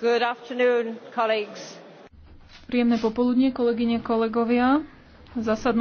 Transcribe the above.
Good afternoon, colleagues. Príjemné popoludnie, kolegyne, kolegovia. Zasadnú